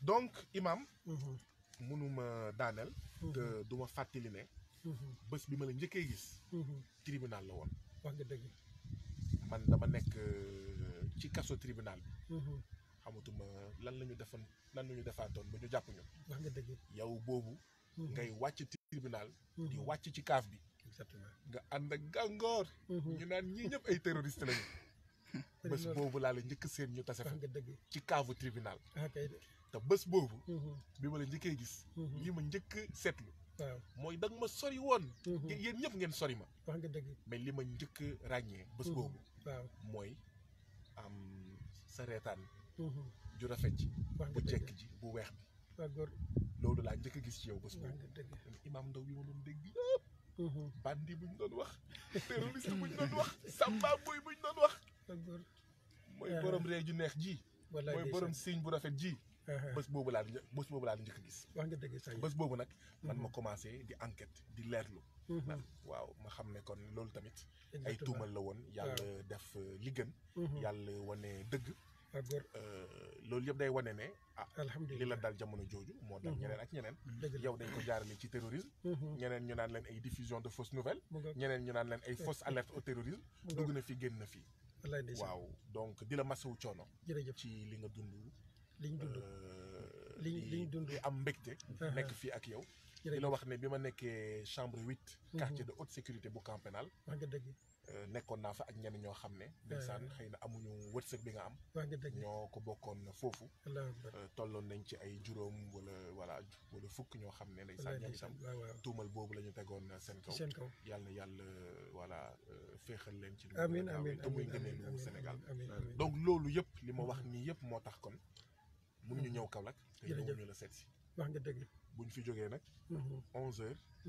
donc imam mhm. mënuma daaneel mhm. te du ma fàttali ne mhm. bés bi ma la njëkkee gis tribunal la woon wax nga dëgg man dama nekk euh, ci kaso tribunal bi xamatuma lan la ñu defoon lan la ñu defaatoon ba ñu jàpp ñu wax nga yow boobu ngay wàcc tribunal di wàcc ci kaaf bi exactement nga ànd ak gàngoor ñu naan ñii ñëpp ay terroriste lañu bés boobu laa la njëkk seen ñu tase fa ci kaavu tribunal ah, te bés boobu mhm. bi ma la njëkkee gis mhm. lii ma njëkk seetlu waaw mooy danga ma sori woon mhm. yéen ñëpp ngeen sori ma wax nga dëgg mais li ma njëkk ràññee bés boobu waaw mooy am sa reetaan ju rafet ji bu jekk ji bu weex bi loolu laa njëkk gis ci yow bés boobu imaam ndaw bi ma doon dégg yëpp bandi buñ doon wax terroriste buñ buñ doon wax mooy borom ree ju neex ji. wallaay mooy borom signe bu rafet ji. Uh-huh. bés boobu laa di bés boobu laal di njëkk gis. wax nga dëgg sax bés boobu nag. man ma mm-hmm. commencé di enquête di leerlu. Mm-hmm. waaw ma xam ne kon loolu tamit. ay tuumal la woon yàlla def euh, li gën. Mm-hmm. yàlla wane dëgg. Euh, loolu yëpp day wane ne ah li la daal jamono jooju moo dal mhm. ñeneen ak ñeneen yow dañ ko jaarale ci terrorisme mhm. ñeneen ñu naan leen ay diffusion de fausses nouvelles ñeneen ñu naan leen ay fausse alerte au terrorisme dugg na fi génn na fi waaw donc di la masawu coono ci li nga dund liñ dund euh, liñ dund am mbégte nekk fii ak yow di la wax ne bi ma nekkee chambre huit mhm. quartier de haute sécurité bu camp pénal nga dëgg Euh, nekkoon naa fa ak ñenn ñoo xam ne. ndeysaan xëy na amuñu wërsëg bi nga am. ñoo ko bokkoon na foofu. Euh, tolloon nañ ci ay juróom wala wala wala fukk ñoo xam ne. ndeysaan ñoom itam tuumal boobu la ñu tegoon seen kaw. seen kaw yàlla yàlla voilà euh, féexal leen ci. amiin amiin te muy ngëneelu Sénégal. donc loolu yëpp li ma wax mm-hmm. nii yëpp moo tax kon. ñu mm-hmm. ñëw Kaolack. jërëjëf te ñu la seet si. wax nga dëgg. buñ fi jógee nag. 11h. Mm-hmm.